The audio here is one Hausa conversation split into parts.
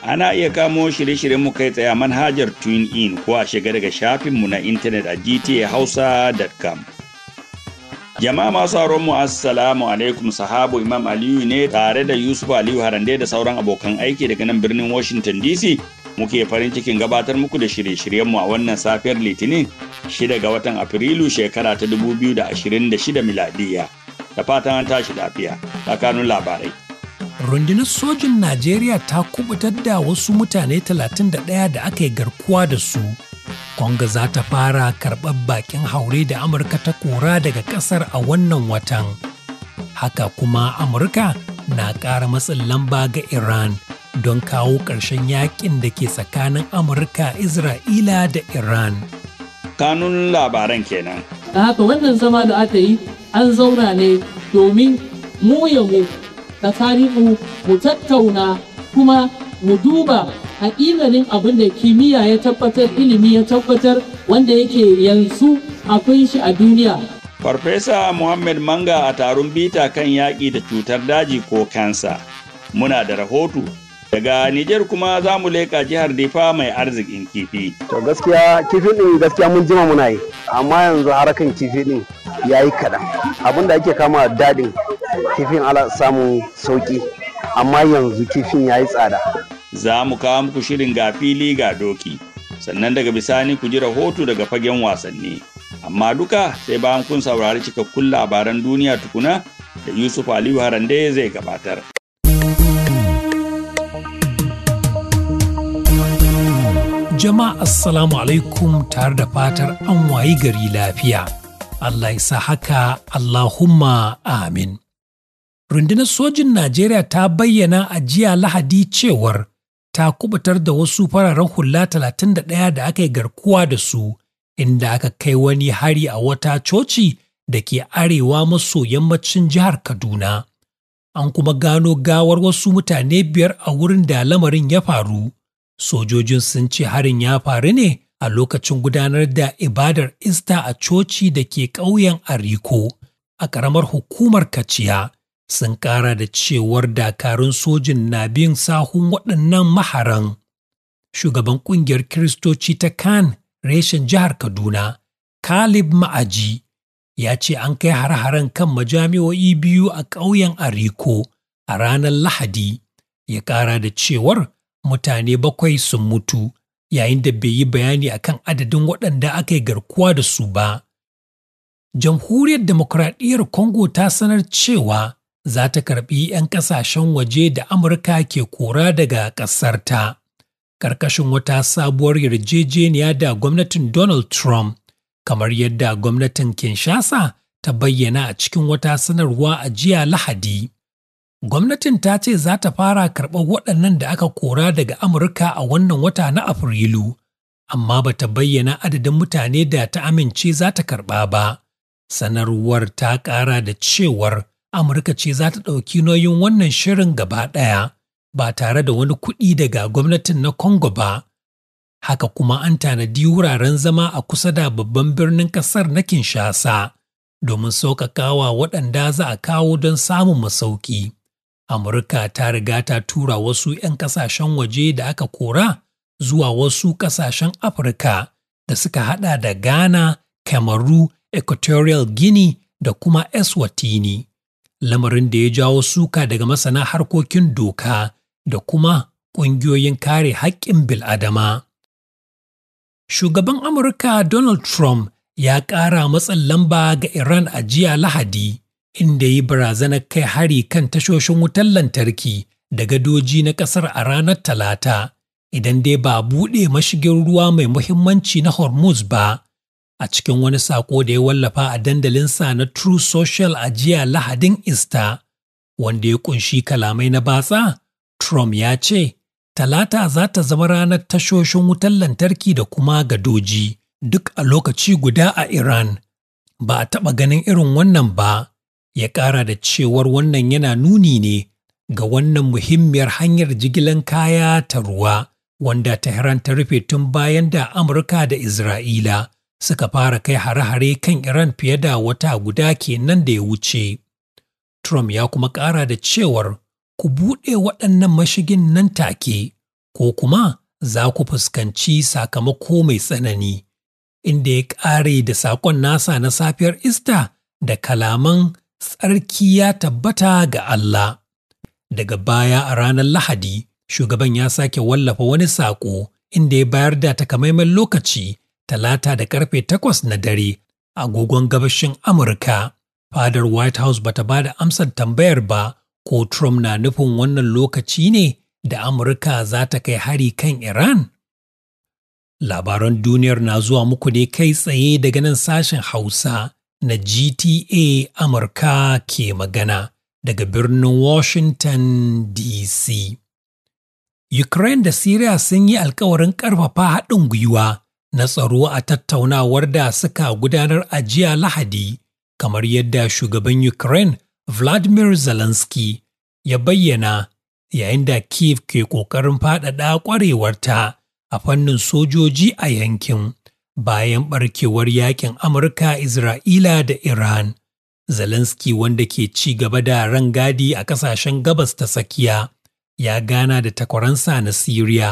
Ana iya kamo shirye-shiryen mu kai tsaye a manhajar In ko a shiga daga shafinmu na intanet a gtahausa.com. Jama'a masu sauran mu assalamu alaikum sahabu Imam Aliyu ne tare da Yusuf Aliyu Harande da sauran abokan aiki daga nan birnin Washington DC muke farin cikin gabatar muku da shirye shiryen mu a wannan safiyar Litinin 6 ga watan Afrilu shekara ta 2026 miladiya. Da fatan an tashi lafiya, tsakanin labarai. rundunar sojin Najeriya ta kubutar da wasu mutane 31 da aka yi garkuwa da su. kwanga za ta fara karɓar bakin haure da Amurka ta kora daga ƙasar a wannan watan. Haka kuma Amurka na ƙara matsin lamba ga Iran don kawo ƙarshen yakin da ke tsakanin Amurka, Isra'ila da Iran. Kanun labaran kenan. haka wannan zama da aka yi an zauna ne domin mu tsakaninmu mu tattauna kuma mu duba haƙiƙanin abin da kimiyya ya tabbatar ilimi ya tabbatar wanda yake yanzu akwai shi a duniya. Farfesa Muhammad Manga a taron bita kan yaƙi da cutar daji ko kansa. Muna da rahoto daga Nijar kuma za mu leƙa jihar Difa mai arzikin kifi. To gaskiya kifi ɗin gaskiya mun jima muna yi, amma yanzu harakan kifi ɗin ya yi kaɗan abin da ake kama dadin kifin ala samun sauƙi amma yanzu kifin ya yi tsada za mu kawo muku shirin ga fili ga doki sannan daga bisani ku ji rahoto daga fagen wasanni amma duka sai bayan kun saurari cikakkun labaran duniya tukuna da yusuf aliyu harande zai gabatar jama'a assalamu alaikum tare da fatar an wayi gari lafiya Allah ya haka Allahumma amin. Rundunar sojin Najeriya ta bayyana a jiya Lahadi cewar ta kubutar da wasu fararen hula 31 da aka yi garkuwa da su inda aka kai wani hari a wata coci da ke arewa maso yammacin jihar Kaduna. An kuma gano gawar wasu mutane biyar a wurin da lamarin ya faru. Sojojin sun ce harin ya faru ne a lokacin gudanar da ibadar Ista a coci da ke ƙauyen Ariko a ƙaramar hukumar Kaciya sun ƙara da cewar dakarun sojin na bin sahun waɗannan maharan. Shugaban ƙungiyar Kiristoci ta Kan reshen jihar Kaduna, Kalib Ma'aji, ya ce an kai har-haren kan majami'o'i biyu a ƙauyen Ariko a ranar Lahadi, ya ƙara da cewar mutane bakwai sun mutu. yayin da bai yi bayani a kan adadin waɗanda aka yi garkuwa da su ba. Jamhuriyar Demokuraɗiyyar Congo ta sanar cewa za ta karɓi 'yan ƙasashen waje da Amurka ke kora daga ƙasarta. Ƙarƙashin wata sabuwar yarjejeniya da gwamnatin Donald Trump, kamar yadda gwamnatin Kinshasa ta bayyana a cikin wata sanarwa a jiya Lahadi. Gwamnatin ta ce za ta fara karɓar waɗannan da aka kora daga Amurka a wannan wata na Afrilu, amma ba ta bayyana adadin mutane da ta amince za ta karɓa ba. Sanarwar ta ƙara da cewar Amurka ce za ta ɗauki nauyin wannan shirin gaba ɗaya ba tare da wani kuɗi daga gwamnatin na Kongo ba. Haka kuma an tanadi wuraren zama a kusa da babban birnin ƙasar na Kinshasa domin sauƙaƙawa waɗanda za a kawo don samun masauki. Amurka ta riga ta tura wasu 'yan kasashen waje da aka kora zuwa wasu kasashen Afirka da suka hada da Ghana, Kamaru, Equatorial Guinea da kuma Eswatini. Lamarin da ya jawo suka daga masana harkokin doka da kuma ƙungiyoyin kare haƙƙin bil'adama. Shugaban Amurka Donald Trump ya ƙara matsin lamba ga Iran a jiya Lahadi inda yi barazanar kai hari kan tashoshin wutar lantarki da gadoji na ƙasar a ranar Talata, idan dai ba buɗe mashigin ruwa mai muhimmanci na Hormuz ba. A cikin wani sako da ya wallafa a dandalinsa na True Social a jiya Lahadin Ista, wanda ya ƙunshi kalamai na batsa, Trump ya ce, Talata za ta zama ranar tashoshin wutar lantarki da kuma gadoji duk a lokaci guda a Iran. Ba a taɓa ganin irin wannan ba. ya ƙara da cewar wannan yana nuni ne ga wannan muhimmiyar hanyar jigilan kaya ta ruwa wanda Tehran ta rufe tun bayan da Amurka da Isra'ila suka fara kai hare-hare kan Iran fiye da wata guda ke nan da ya wuce. Trump ya kuma ƙara da cewar ku buɗe waɗannan mashigin nan take ko kuma za ku fuskanci sakamako mai tsanani, inda ya ƙare da saƙon nasa na safiyar Ista da kalaman tsarki ya tabbata ga Allah. Daga baya a ranar Lahadi, shugaban ya sake wallafa wani saƙo inda ya bayar da takamaiman lokaci talata da karfe takwas na dare agogon gabashin Amurka. Fadar White House bata ba da amsar tambayar ba ko Trump na nufin wannan lokaci ne da Amurka za ta kai hari kan Iran. Labaran duniyar na zuwa muku ne kai tsaye daga nan sashen Hausa na GTA Amurka ke magana daga birnin Washington DC. Ukraine da Syria sun yi alkawarin ƙarfafa haɗin gwiwa na tsaro a tattaunawar da suka gudanar a jiya Lahadi, kamar yadda shugaban Ukraine Vladimir Zelensky ya bayyana yayin da Kiev ke ƙoƙarin faɗaɗa ƙwarewarta a fannin sojoji a yankin. bayan barkewar yakin Amurka, Isra'ila da Iran. Zelensky wanda ke ci gaba da rangadi a kasashen gabas ta tsakiya ya gana da takwaransa na Syria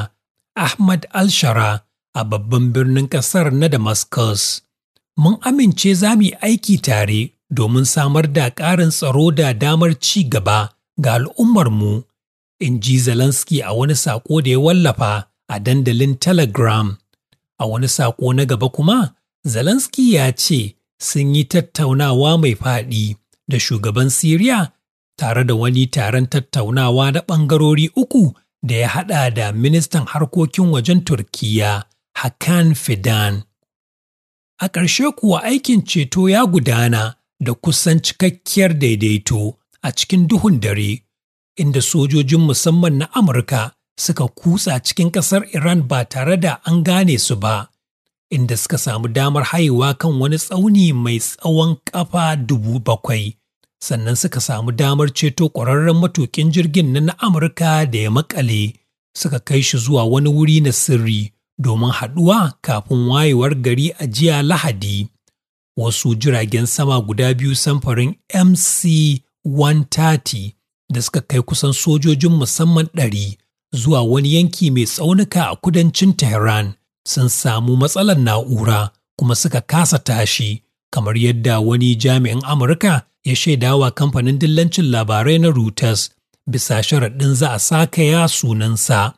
Ahmad Al-Shara a babban birnin ƙasar na Damascus. Mun amince za mu yi aiki tare domin samar da ƙarin tsaro da damar ci gaba ga al'ummarmu, in ji Zelensky a wani saƙo da ya wallafa a dandalin Telegram. A wani saƙo na gaba kuma, Zelensky ya ce sun yi tattaunawa mai faɗi da shugaban Siriya tare da wani taron tattaunawa na ɓangarori uku da ya haɗa da ministan harkokin wajen Turkiyya, Hakan Fidan. A ƙarshe kuwa aikin ceto ya gudana da kusan cikakkiyar daidaito a cikin duhun dare, inda sojojin musamman na Amurka suka kutsa cikin ƙasar Iran ba tare da an gane su ba, inda suka samu damar haihuwa kan wani tsauni mai tsawon ƙafa dubu bakwai. Sannan suka samu damar ceto ƙwararren matuƙin jirgin na Amurka da ya makale, suka kai shi zuwa wani wuri na sirri domin haɗuwa kafin wayewar gari a jiya Lahadi. Wasu jiragen sama guda biyu samfarin MC 130 da suka kai kusan sojojin musamman ɗari zuwa wani yanki mai tsaunuka a kudancin Tehran sun samu matsalar na'ura kuma suka kasa tashi, kamar yadda wani jami'in Amurka ya shaidawa kamfanin dillancin labarai na Reuters bisa sharaɗin za a ya sunansa.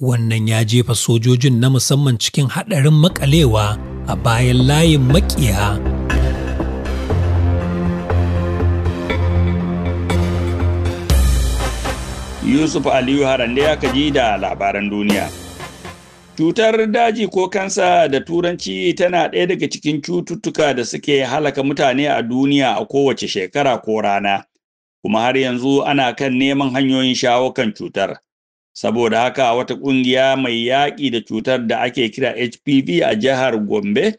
Wannan ya jefa sojojin na musamman cikin haɗarin makalewa a bayan layin maƙiya. Yusuf Aliyu Harande ya kaji da labaran duniya. Cutar daji ko kansa da turanci tana ɗaya daga cikin cututtuka da suke halaka mutane a duniya a kowace shekara ko rana, kuma har yanzu ana kan neman hanyoyin shawo kan cutar. Saboda haka wata ƙungiya mai yaƙi da cutar da ake kira HPV a jihar Gombe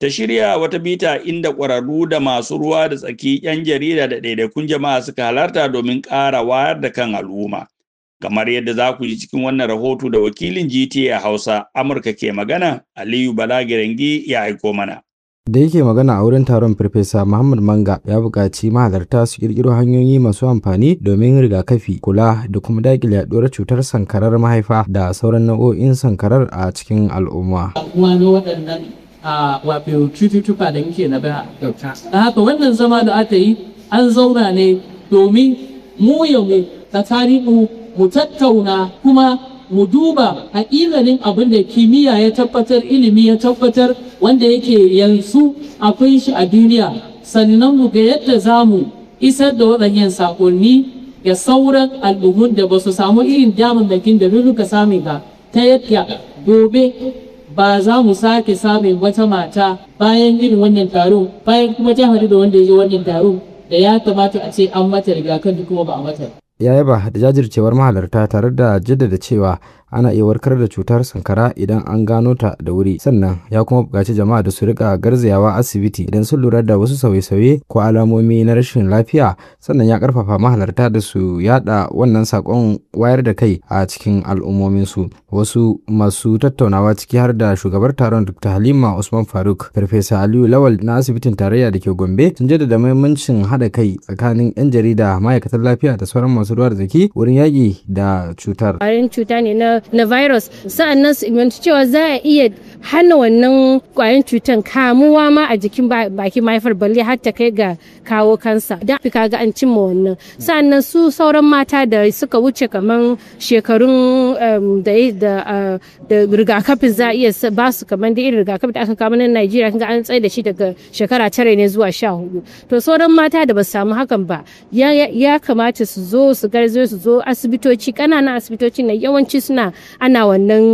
ta shirya wata bita inda ƙwararru da masu ruwa da tsaki 'yan jarida da ɗaiɗaikun jama'a suka halarta domin ƙara wayar da kan al'umma. Kamar yadda za ku ji cikin wannan rahoto da wakilin GTA Hausa Amurka ke magana, Aliyu Balagirangi ya aiko mana. Da yake magana a wurin taron Farfesa Muhammad Manga ya buƙaci mahalarta su ƙirƙiro hanyoyi masu amfani domin rigakafi, kula da kuma daƙile yaɗuwar cutar sankarar mahaifa da sauran nau'o'in sankarar a cikin al'umma. a wato cututtuka da muke na baya kyauta da haka wannan zama da aka yi an zauna ne domin mu ya mu tarihi mu tattauna kuma mu duba haƙiƙanin abin da kimiyya ya tabbatar ilimi ya tabbatar wanda yake yanzu akwai shi a duniya sannan mu ga yadda za mu isar da waɗannan saƙonni ga sauran al'ummar da ba su samu irin damammakin da duka samun ga ta yadda gobe ba za mu sake samun wata mata bayan irin wannan taro bayan kuma ta hadu da wanda ya je wannan taron da ya kamata a ce an mata rigakafi kuma ba a mata. Yaya ba da jajircewar mahalarta tare da jaddada cewa ana iya warkar da cutar sankara idan an gano ta da wuri sannan ya kuma buƙaci jama'a da su rika garzayawa asibiti idan sun lura da wasu sauye-sauye ko alamomi na rashin lafiya sannan ya karfafa mahalarta da su yada wannan sakon wayar da kai a cikin su wasu masu tattaunawa ciki har da shugabar taron dr halima usman faruk farfesa aliyu lawal na asibitin tarayya da ke gombe sun jaddada muhimmancin haɗa kai tsakanin 'yan jarida ma'aikatan lafiya da sauran masu ruwa da tsaki wurin yaki da cutar. cuta ne na na virus sa'annan su ilmanci cewa za a iya hana wannan kwayan cutan kamuwa ma a jikin baki mahaifar balle har ta kai ga kawo kansa da fi ga an cimma wannan sa'annan su sauran mata da suka wuce kaman shekarun um, uh, da rigakafin za a iya ba su kamar da irin rigakafi da aka kama na Najeriya kan an tsaye da shi daga shekara tare ne zuwa sha hudu to sauran mata da ba su samu hakan ba ya kamata su zo su garzo su zo asibitoci kananan asibitoci na yawanci suna ana wannan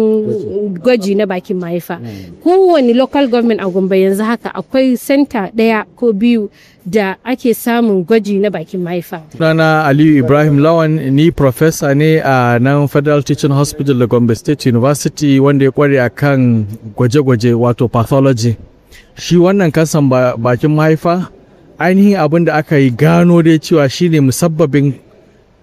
gwaji na bakin mahaifa mm. kowane local government a gombe yanzu haka akwai center ɗaya ko biyu da ake samun gwaji na bakin mahaifa. Sunana Aliyu Ibrahim Lawan ni profesa ne a nan Federal Teaching Hospital da Gombe State University wanda ya kware a kan gwaje-gwaje wato pathology. Shi wannan kasan bakin mahaifa ainihin abin da aka yi gano dai cewa shine musabbabin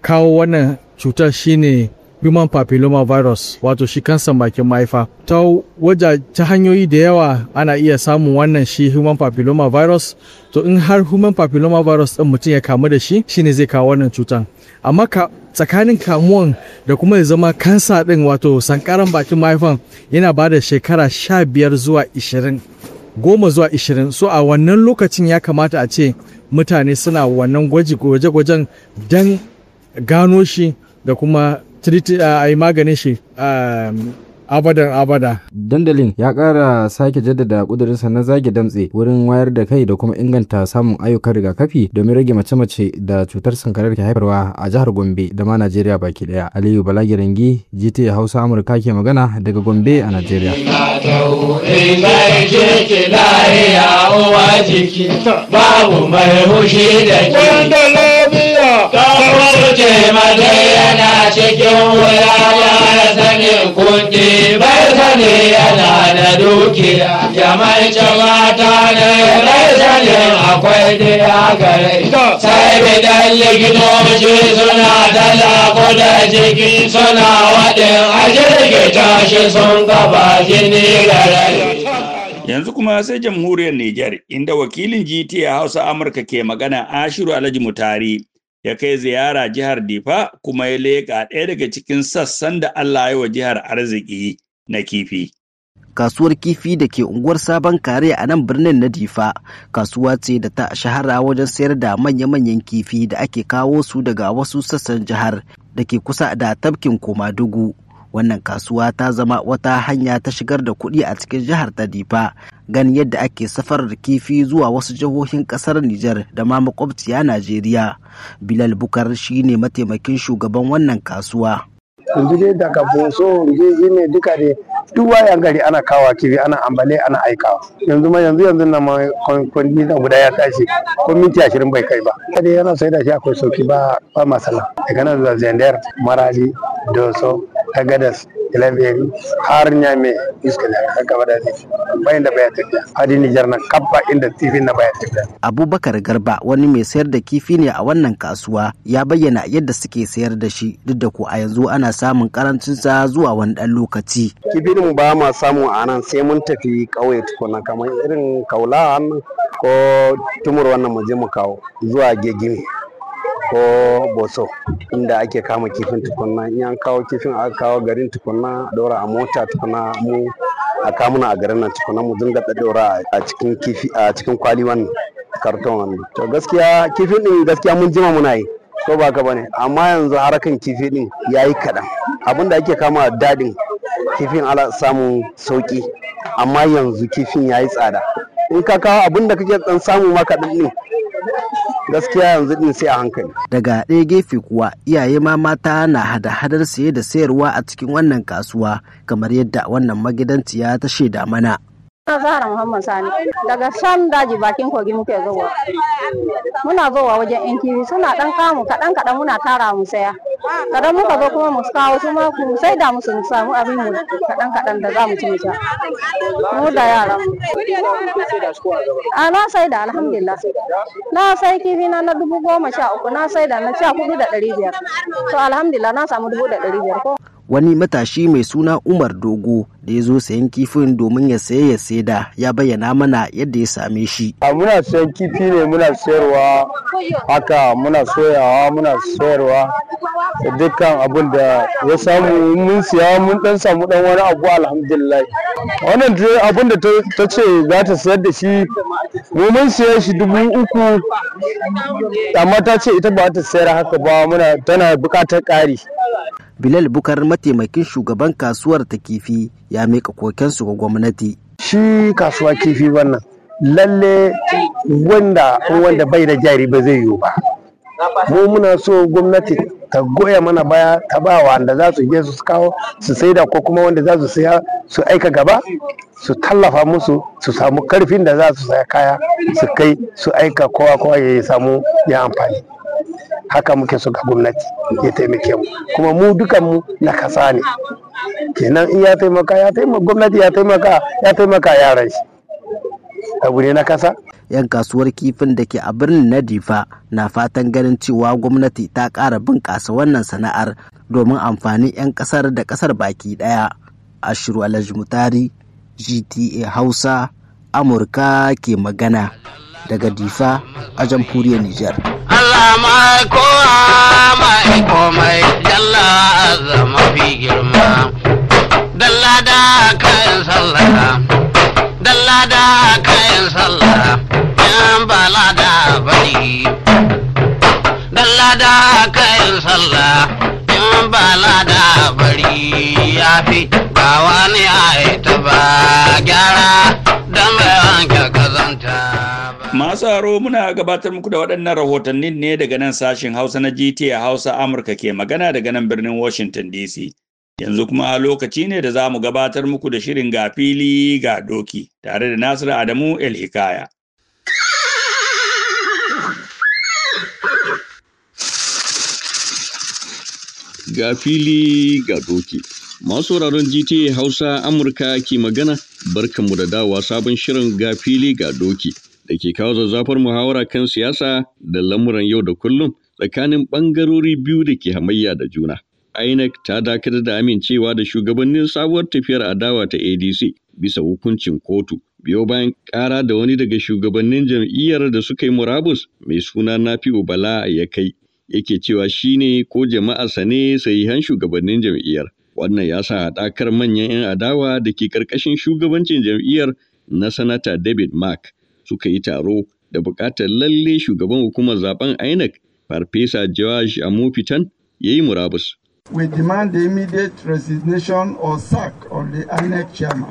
kawo wannan cutar shine human papilloma virus wato shi kansan bakin mahaifa ta waja ta hanyoyi da yawa ana iya samun wannan shi human papilloma virus to in har human papilloma virus din mutum ya kamu da shi shine zai kawo wannan cutan amma ka tsakanin kamuwan da kuma ya zama kansa din wato sankaran bakin mahaifan yana ba da shekara sha biyar zuwa ishirin goma zuwa ishirin so a wannan lokacin ya kamata a ce mutane suna wannan gwaji gwaje-gwajen don gano shi da kuma Uh, a yi maganin shi um, abadan abada. Dandalin ya ƙara sake jaddada ƙudurinsa na zage damtse wurin wayar da kai da kuma inganta samun ayyukan rigakafi domin rage mace-mace da cutar sankarar ke haifarwa a jihar Gombe da ma Najeriya baki ɗaya. Aliyu Balagirangi, gt Hausa Amurka ke magana daga Gombe a Najeriya. Babu mai hushi da ka kusurce mata yana cikin wuya ya sanin kundi bai sani yana da dukiya ya mai mata ne bai sanin akwai da ya gare sai bidan likitoci suna dala kuda jiki suna waɗin ajirgita shi sun gaba jini gare Yanzu kuma sai jamhuriyar Nijar, inda wakilin GTA Hausa Amurka ke magana Ashiru Alhaji Mutari ya kai ziyara jihar Difa kuma ya leƙa ɗaya daga cikin sassan da Allah ya wa jihar arziki na kifi. Kasuwar kifi da ke unguwar Sabon Kare a nan birnin na Difa kasuwa ce da ta shahara wajen sayar da manya-manyan kifi da ake kawo su daga wasu sassan jihar da ke kusa da tafkin Komadugu. wannan kasuwa ta zama wata hanya ta shigar da kuɗi a cikin jihar ta difa ganin yadda ake da kifi zuwa wasu jihohin ƙasar Nijar da ma makwabciya Najeriya. Bilal Bukar ne mataimakin shugaban wannan kasuwa. duk wayan gari ana kawa kiri ana ambale ana aikawa yanzu ma yanzu yanzu na ma na guda ya tashi ko minti ashirin bai kai ba kada yana sai da shi akwai sauki ba ba masala daga nan zazendiyar marali doso tagadas Tilaberi har Nyame da baya tafiya hadi kabba inda tifin na baya tafiya. Abubakar Garba wani mai sayar da kifi ne a wannan kasuwa ya bayyana yadda suke sayar da shi duk da ko a yanzu ana samun karancin sa zuwa wani dan lokaci. Kifin mu ba ma samu a nan sai mun tafi ƙauye tukuna kamar irin kaula ko tumur wannan mu je mu kawo zuwa gegini ko boso inda ake kama kifin tukunna in an kawo kifin aka kawo garin tukunna daura a mota tukunna mu a kamuna a garin nan tukunna mu dinga daura a cikin kifi a cikin kwali wannan karton wannan to gaskiya kifin din gaskiya mun jima muna yi ko ba ka bane amma yanzu harakan kifi din yayi kaɗan abinda ake kama dadin kifin ala samun sauki amma yanzu kifin yayi tsada in ka kawo abinda kake dan samu maka din gaskiya yanzu din sai a hankali daga ɗaya gefe kuwa iyaye ma mata na hada-hadar saye da sayarwa a cikin wannan kasuwa kamar yadda wannan magidanci ya ta shaida mana Zara Muhammad Sani daga Sham daji bakin kogi muke zuwa. Muna zuwa wajen yan kiwi suna dan kamu kaɗan kadan muna tara mu saya. Kadan muka zo kuma mu kawo su ma sai da musu mu samu abin mu kaɗan kaɗan da za mu ci mu Mu da yara. A na sai da alhamdulillah. Na sai kifi na na dubu goma sha uku na sai da na sha kuɗi da ɗari biyar. To alhamdulillah na samu dubu da ɗari biyar ko. wani matashi mai suna umar dogo da ya zo sayan kifin domin ya saye ya saida ya bayyana mana yadda ya same shi muna sayan kifi ne muna sayarwa haka muna soyawa muna sayarwa da dukkan abin da ya samu mun siya mun dan samu dan wani abu alhamdulillah wannan abin da ta ce za ta sayar da shi mu mun siya shi dubu uku amma ta ce ita ba ta sayar haka ba muna tana bukatar ƙari bilal bukar mataimakin shugaban kasuwar ta kifi ya miƙa kokensu ga gwamnati shi kasuwa kifi wannan lalle wanda wanda bai da jari ba zai yiwu ba mu muna so gwamnati ta goya mana baya ta ba wanda za su je su kawo su saida ko kuma wanda za su saya su aika gaba su tallafa musu su samu karfin da za su saya kaya su kai su aika kowa kowa ya samu ya amfani haka muke so ga gwamnati ya taimake mu kuma mu dukan mu na kasa ne kenan in ya taimaka ya taimaka gwamnati ya taimaka ya taimaka yaran shi abu ne na kasa yan kasuwar kifin da ke a birnin na difa na fatan ganin cewa gwamnati ta ƙara bunƙasa wannan sana'ar domin amfani 'yan ƙasar da ƙasar baki ɗaya shiru alhaji mutari gta hausa amurka ke magana daga difa a jamhuriyar nijar Allah ma kowa ma komai dalla zama fi girma dalla da kayan sallah dalla da kayan sallah yan bala da bari dalla da kayan sallah yan bala da sauraro muna gabatar muku da waɗannan rahotannin ne daga nan sashen Hausa na GTA Hausa Amurka ke magana daga nan birnin Washington DC. Yanzu kuma lokaci ne da za mu gabatar muku da shirin ga fili ga doki tare da Nasiru Adamu El Hikaya. Ga fili ga doki. Masu wuraren GTA Hausa Amurka ke magana barkanmu da dawa sabon shirin ga fili ga doki da ke kawo zazzafar muhawara kan siyasa da lamuran yau da kullum tsakanin ɓangarori biyu da ke hamayya da juna. INEC ta dakatar da amincewa da shugabannin sabuwar tafiyar adawa ta ADC bisa hukuncin kotu. Biyo bayan ƙara da wani daga shugabannin jam'iyyar da suka yi murabus mai suna Nafi'u Bala ya kai yake cewa shi ne ko jama'arsa ne sahihan shugabannin jam'iyyar. Wannan ya sa haɗakar manyan 'yan adawa da ke ƙarƙashin shugabancin jam'iyyar na Sanata David Mark suka yi taro da buƙatar lalle shugaban hukumar zaben INEC Farfesa josh Amofitan ya yi murabus. We demand the immediate resignation or sack of the INEC chairman.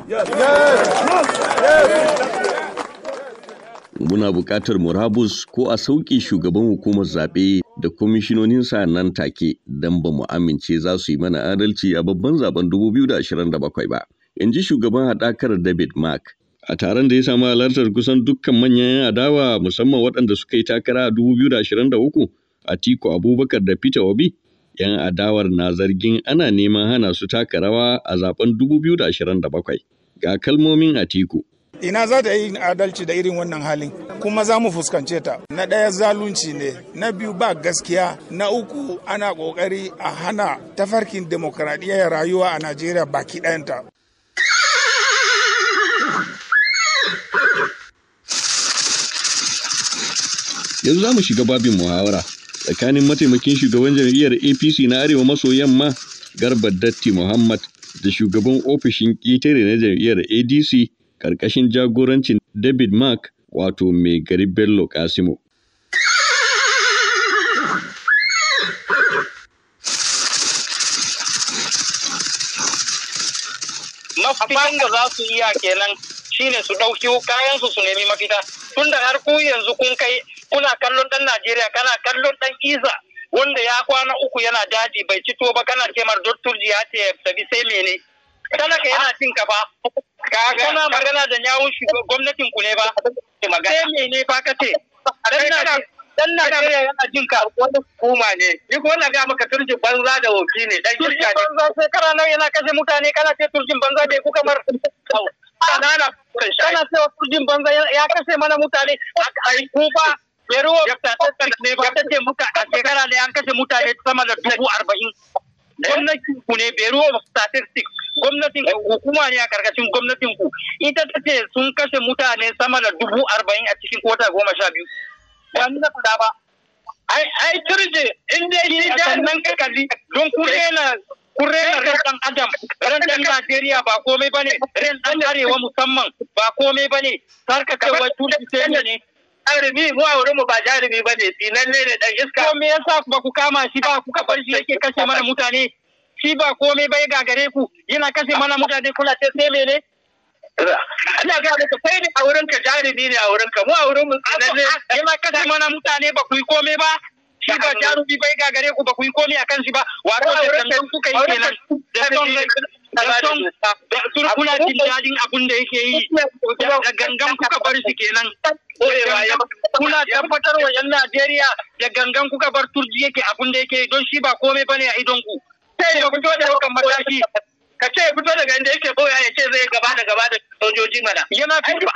Muna buƙatar murabus ko a sauƙi shugaban hukumar zaɓe da kwamishinoninsa nan take don ba mu amince za su yi mana adalci a babban zaben 2027 ba. In ji shugaban haɗakar David Mark a taron da ya samu halartar kusan dukkan manyan 'yan adawa musamman waɗanda suka yi takara a 2023 Atiku Abubakar da Peter Obi 'yan adawar na zargin ana neman hana su taka a zaben 2027 ga kalmomin Atiku ina za ta yi adalci da irin wannan halin kuma za mu fuskance ta na ɗaya zalunci ne na biyu ba gaskiya na uku ana ƙoƙari a hana tafarkin demokradiyya rayuwa a najeriya baki ɗayanta yanzu za mu shiga babin muhawara tsakanin mataimakin shugaban jam'iyyar apc na arewa maso yamma garba datti muhammad da shugaban ofishin ƙetare na jam'iyyar adc ƙarƙashin jagorancin david mark wato mai gari bello kasimo mafitan da za su iya kenan shine su ɗauki kayansu su nemi mafita tunda har ku yanzu kun kai kuna kallon dan Najeriya kana kallon dan Isa wanda ya kwana uku yana daji bai fito ba kana kemar mar dotturji ya ce tafi sai mene talaka yana cin kafa? fa kana magana da yawun gwamnatin ku ne ba sai mene ba ka ce dan Najeriya yana jin ka wani hukuma ne ni ko na ga maka turjin banza da wofi ne dan ne banza sai kana nan yana kashe mutane kana ce turjin banza bai ku kamar kana kana ce turjin banza ya kashe mana mutane a ba Yero ne ba ta ce muka a shekara ne an kashe mutane sama da dubu arba'in. Gwamnatin ku ne Bero of Statistics gwamnatin hukuma ne a karkashin gwamnatin ku ita ta ce sun kashe mutane sama da dubu arba'in a cikin kota goma sha biyu. Ba ni na faɗa ba. Ai ai turje in dai ni da nan ka kalli don ku rena kun rena ran dan adam ran dan Najeriya ba komai bane ran dan arewa musamman ba komai bane sarka cewa tudu ne jarumi mu a wurin mu ba jarumi ba ne sinanne ne dan iska. Ko me yasa ba ku kama shi ba kuka bar shi yake kashe mana mutane? Shi ba komai bai gagare ku yana kashe mana mutane kula ce sai mene? Ina ga ta kai ne a wurin ka jarumi ne a wurin ka mu a wurin mu sinanne yana kashe mana mutane ba ku yi komai ba. Shi ba jarumi bai gagare ku ba ku yi komai a kan shi ba. Wato da kuka yi kenan. da kuna jin dadin abin da yake yi da gangan kuka bar su kenan kuna tabbatar wa yan Najeriya da gangan kuka bar turji yake abin da yake don shi ba komai bane a idon ku sai da fito da kan mataki ka ce fito daga inda yake boya ya ce zai gaba da gaba da sojoji mana yana fito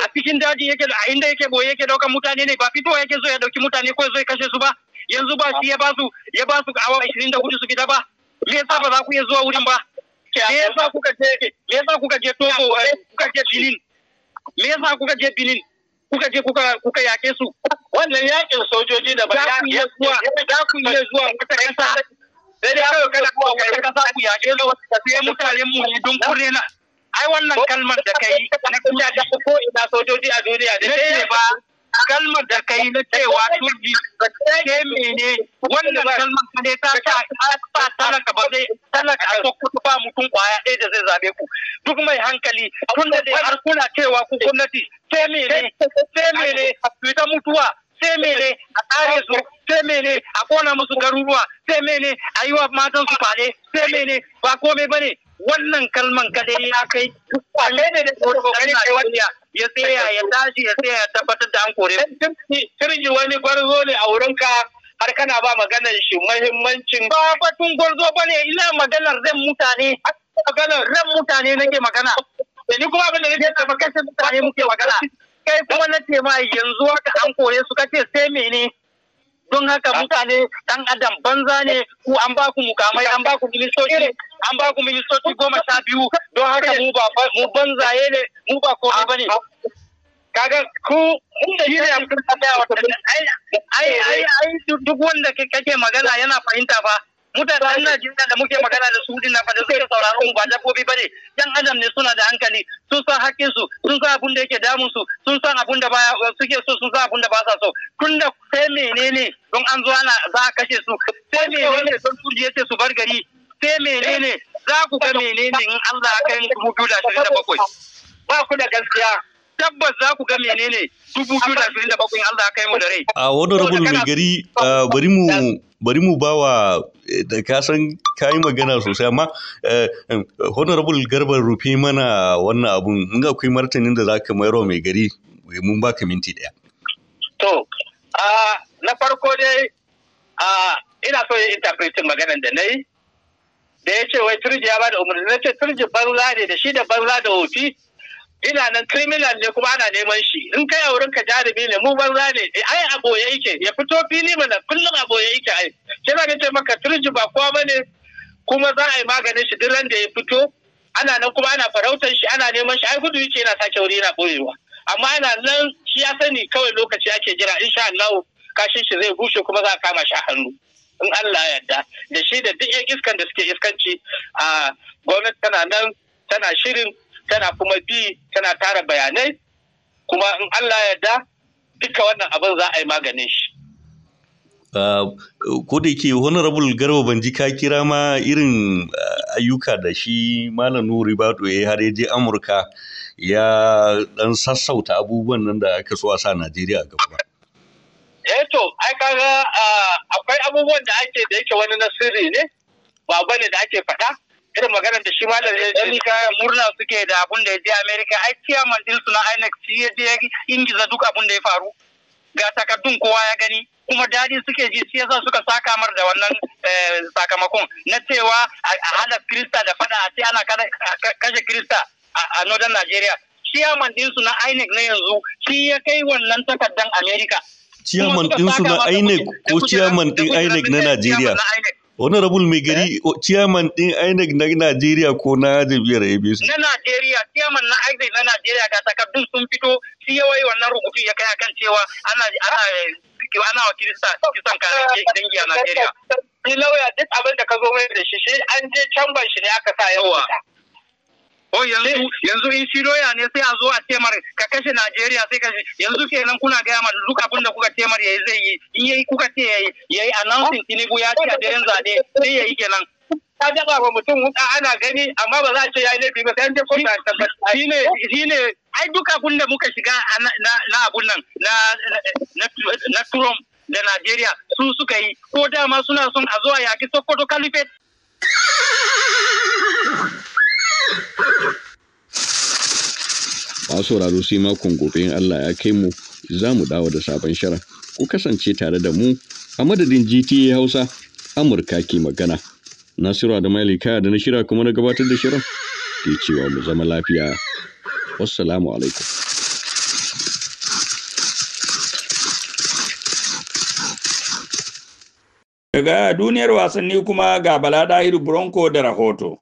a cikin daji yake a inda yake boye yake daukan mutane ne ba fito yake zo ya dauki mutane ko zo ya kashe su ba yanzu ba shi ya ba su ya ba su awa 24 su fita ba me yasa ba za ku iya zuwa wurin ba me yasa kuka je me yasa kuka je Togo eh, kuka je Benin me yasa kuka je Benin kuka je kuka kuka yake su wannan yakin sojoji da ba ya zuwa da ku iya zuwa wata kasa sai dai kawai kana zuwa wata kasa ku yake su sai mutanen mu ne don kure na ai wannan kalmar da kai na kuka ko ina sojoji a duniya da ne ba kalmar da kai na cewa turji ke mene wannan kalmar ka ne ta sa talaka ba zai talaka a sokoto ba mutum kwaya ɗaya da zai zabe ku duk mai hankali tun da dai har kuna cewa ku gwamnati sai mene sai mene ta mutuwa sai mene a tsare su sai mene a kona musu garuruwa sai mene a yi wa matan su fade sai mene ba komai bane wannan kalman kadai ya kai kwalle ne da tsoron kai wannan ya tsaya ya tashi ya tsaya ya tabbatar da an kore sirji wani gwarzo ne a wurin ka har kana ba maganar shi muhimmancin ba batun gwarzo ba ne ina maganar ran mutane maganar ran mutane nake magana ni kuma abin da nake da kashe mutane muke magana kai kuma na ce ma yanzu haka an kore su kace sai mene don haka ah. mutane dan adam banza ne ku an ba ku mukamai an ba ku ministoci an ba ku ministoci goma sha biyu don haka mu ba mu banzaye ne mu ba komai bane ah. kaga ku shi ne da ai ai ai duk wanda kake magana yana fahimta fa mutanen Najeriya da muke magana da su na fa da suke sauraron ba dabbobi bane yan adam ne suna da hankali sun san hakkin su sun san abin da yake damun su sun san abin da baya suke so sun san abin da ba sa so tunda sai menene don an zo ana za a kashe su sai menene don su je su bar gari sai menene za ku ga menene in Allah ya kai mu 2027 ba ku da gaskiya tabbas za ku ga menene dubu biyu da ashirin da bakwai Allah kai mu da rai. A wani rabin mai gari ah, bari mu bari mu ba wa eh, da ka san ka yi magana sosai amma eh, honorable garba rufe mana wannan abun in akwai martanin da za ka mayar wa mai gari eh, mun ba ka minti daya. To, na farko dai ina so ya interpretin maganar da na yi da ya ce wai turji ya ba da umarni na ce turji barula ne da shi da barula da hofi ina nan criminal ne kuma ana neman shi in kai wurin ka jarumi ne mu banza ne eh, ai a boye yake ya fito fili mana kullum a boye yake ai sai na ce maka turji ba kowa bane kuma za a yi maganin shi duk da ya fito ana nan kuma ana farautar shi ana neman shi ai gudu yake yana sake wuri yana boyewa amma ana nan shi ya sani kawai lokaci ake jira insha Allah kashin shi zai bushe kuma za a kama shi a hannu in Allah ya yarda da shi da duk yan iskan da suke iskanci a gwamnati tana nan tana shirin tana kuma bi tana tara bayanai kuma in Allah ya da duka wannan abin za a yi maganin shi. Ah, ko da ke honorable garba ban ji ka kira ma irin ah, ayyuka da shi malam nuri bato ya har je amurka ya dan sassauta abubuwan nan da aka so a sa najeriya gaba. eh to ai kaga ah, akwai abubuwan da ake da yake wani nasiri ne ba bane da ake faɗa irin maganar da shi ma da Amerika murna suke da abun da ya je Amerika ai chairman din su na INEC shi ya je ingiza duk abun da ya faru ga takardun kowa ya gani kuma dadi suke ji shi yasa suka saka mar da wannan eh, sakamakon na cewa a hada Krista da fada a ce ana kashe Krista a Northern Nigeria chairman din su na INEC na yanzu shi ya kai wannan takardan Amerika chairman din na INEC ko chairman din INEC na Najeriya Wani honorable mai gari eh? chairman din INEC na Najeriya ko na jam'iyyar abc na Najeriya chairman na INEC na Najeriya ga takardun sun fito shi yawai wannan rubutu ya kai akan cewa ana ana wa kirista kisan kare dangi a Najeriya ni lauya duk abin da ka zo mai da shi shi an je can shi ne aka sa yawa Oh yanzu eh. yanzu in shiro ya ne sai a zo a temar ka kashe Najeriya sai kashe yanzu kenan kuna gaya ma duk abin da kuka temar yayi zai yi in yayi kuka ce yayi yayi announcing Tinubu ya ci a daren zabe sai yayi kenan ka daga ba mutum wuka ana gani amma ba za a ce yayi laifi ba sai an je kuma a tabbata shine shine ai duk abin da muka shiga na abun nan na na Trump da Najeriya su suka yi ko dama suna son a zo a yaki Sokoto Caliphate Masu sauraro sai makon gobe in Allah ya kai mu za mu dawo da sabon shirin. Ku kasance tare da mu a madadin GTA Hausa Amurka ke magana. Nasiru da kaya da na shira kuma na gabatar da shirin. Ke cewa mu zama lafiya. Wassalamu alaikum. Daga duniyar wasanni kuma ga Bala Dahiru Bronco da rahoto.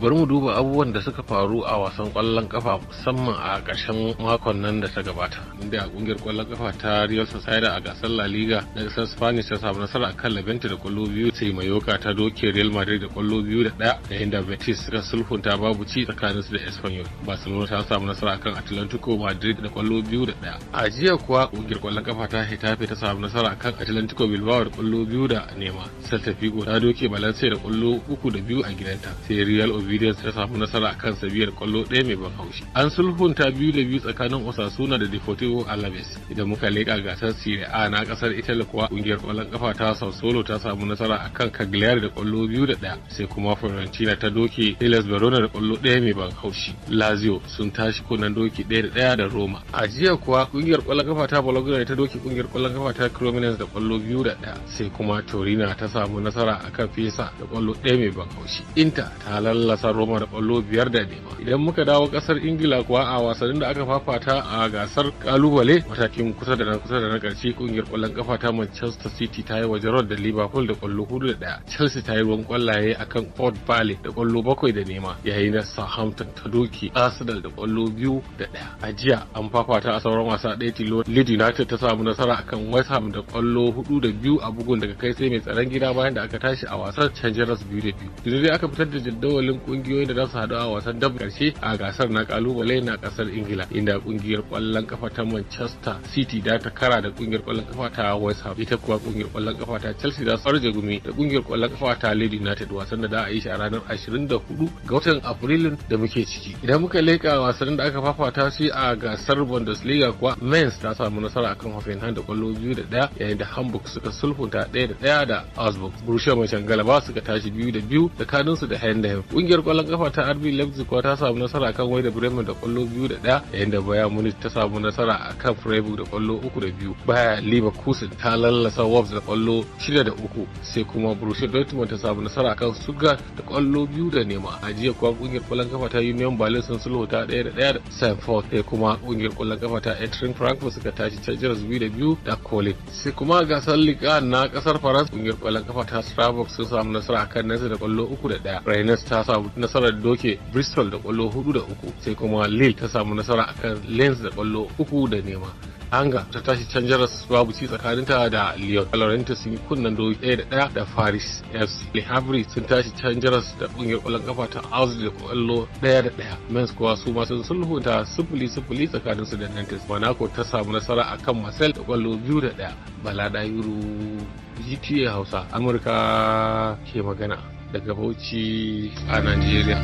bari mu duba abubuwan da suka faru a wasan kwallon kafa musamman a ƙarshen makon nan da ta gabata inda a kungiyar kwallon kafa ta real society a gasar la liga na ƙasar spanish ta samu nasara a kan labenta da kwallo biyu sai mayoka ta doke real madrid da kwallo biyu da ɗaya da inda betis suka sulhunta babu ci tsakanin su da espanyol barcelona ta samu nasara a kan atlantico madrid da kwallo biyu da ɗaya a jiya kuwa kungiyar kwallon kafa ta hitafi ta samu nasara a kan atlantico bilbao da kwallo biyu da nema celta figo ta doke valencia da kwallo uku da biyu a gidanta sai real Albirex ta samu nasara akan Sabiyar kwallo ɗaya mai ban haushi. An sulhunta biyu da biyu tsakanin Osasuna da Deportivo Alaves. Idan muka leƙa gasar Serie A na ƙasar Italy kuwa ƙungiyar ƙwallon ƙafa ta Sassuolo ta samu nasara akan Cagliari da kwallo biyu da ɗaya. Sai kuma Fiorentina ta doke Hellas Verona da kwallo ɗaya mai ban haushi. Lazio sun tashi kunan doki ɗaya da ɗaya da Roma. A jiya kuwa ƙungiyar ƙwallon ƙafa ta Bologna ta doke ƙungiyar ƙwallon ƙafa ta Cremonese da kwallo biyu da ɗaya. Sai kuma Torino ta samu nasara akan Fesa da kwallo ɗaya mai ban haushi. Inter ta lalla gasar Roma da ƙwallo biyar da nema. Idan muka dawo ƙasar Ingila kuwa a wasannin da aka fafata a gasar kalubale matakin kusa da na kusa da na ƙarshe ƙungiyar ƙwallon ƙafa ta Manchester City ta yi wa Gerrard da Liverpool da ƙwallo hudu da ɗaya. Chelsea ta yi ruwan a kan Port Vale da ƙwallo bakwai da nema yayin da Southampton ta doke Arsenal da ƙwallo biyu da ɗaya. A jiya an fafata a sauran wasa ɗaya tilo Leeds United ta samu nasara akan West Ham da ƙwallo hudu da biyu a bugun daga kai sai mai tsaron gida bayan da aka tashi a wasan Rangers biyu da biyu. Yanzu dai aka fitar da jadawalin kungiyoyi da za su haɗu a wasan dab karshe a gasar na kalubale na kasar ingila inda kungiyar kwallon kafa ta manchester city da ta kara da kungiyar kwallon kafa ta west ham ita kuwa kungiyar kwallon kafa ta chelsea za su arje gumi da kungiyar kwallon kafa ta lady united wasan da za a yi shi a ranar 24 ga watan afrilun da muke ciki idan muka leka wasannin da aka fafata shi a gasar bundesliga kuwa mens ta samu nasara akan hoffenheim da kwallo biyu da daya yayin da hamburg suka sulhunta daya da daya da augsburg borussia mönchengladbach suka tashi biyu da biyu da kanunsu da hendenheim kungiyar Ƙungiyar ƙwallon kafa ta RB Leipzig kuwa ta samu nasara akan Werder Bremen da ƙwallo biyu da ɗaya yayin da Bayern Munich ta samu nasara akan Freiburg da ƙwallo uku da biyu. Bayer Leverkusen ta lallasa Wolves da ƙwallo shida da uku sai kuma Borussia Dortmund ta samu nasara akan Stuttgart da ƙwallo biyu da nema. A jiya kuwa ƙungiyar ƙwallon kafa ta Union Berlin sun ta ɗaya da ɗaya da Sanford sai kuma ƙungiyar ƙwallon kafa ta Eintracht Frankfurt suka tashi Chargers biyu da biyu da Colin. Sai kuma gasar Liga na ƙasar Faransa ƙungiyar ƙwallon kafa ta Strasbourg sun samu nasara akan Nancy da ƙwallo uku da ɗaya. Rennes ta samu nasarar doke bristol da kwallo hudu da uku sai kuma lille ta samu nasara akan lens da kwallo uku da nema Anga ta tashi can babu ci tsakaninta da Lyon. alorinta sun yi kunnen doki ɗaya da ɗaya da Paris FC. Le Havre sun tashi can jaras da ƙungiyar ƙwallon kafa ta Ausl da kwallo ɗaya da ɗaya. Mens kuwa su ma sun sulhunta sufuli sufuli tsakanin su da Nantes. Monaco ta samu nasara akan Marseille da ƙwallo biyu da ɗaya. Bala Dayuru GTA Hausa Amurka ke magana. daga Bauchi a Najeriya.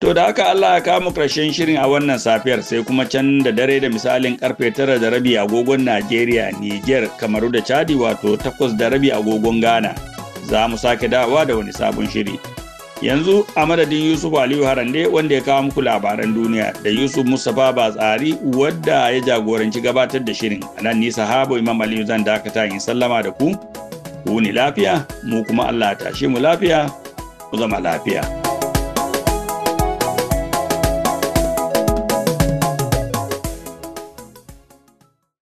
To da haka Allah ya kama ƙarshen shirin a wannan safiyar sai kuma can da dare da misalin karfe tara da rabi agogon Najeriya, Niger, Kamaru da Chadi wato takwas da rabi agogon Ghana. Za mu sake dawa da wani sabon shiri. Yanzu a madadin Yusuf Aliyu Harande wanda ya kawo muku labaran duniya da Yusuf Mustapha Batsari wadda ya jagoranci gabatar da shirin. A nan ni sahabo Imam Aliyu zan dakata in sallama da ku. ku wuni lafiya mu kuma Allah ya tashe mu lafiya mu zama lafiya.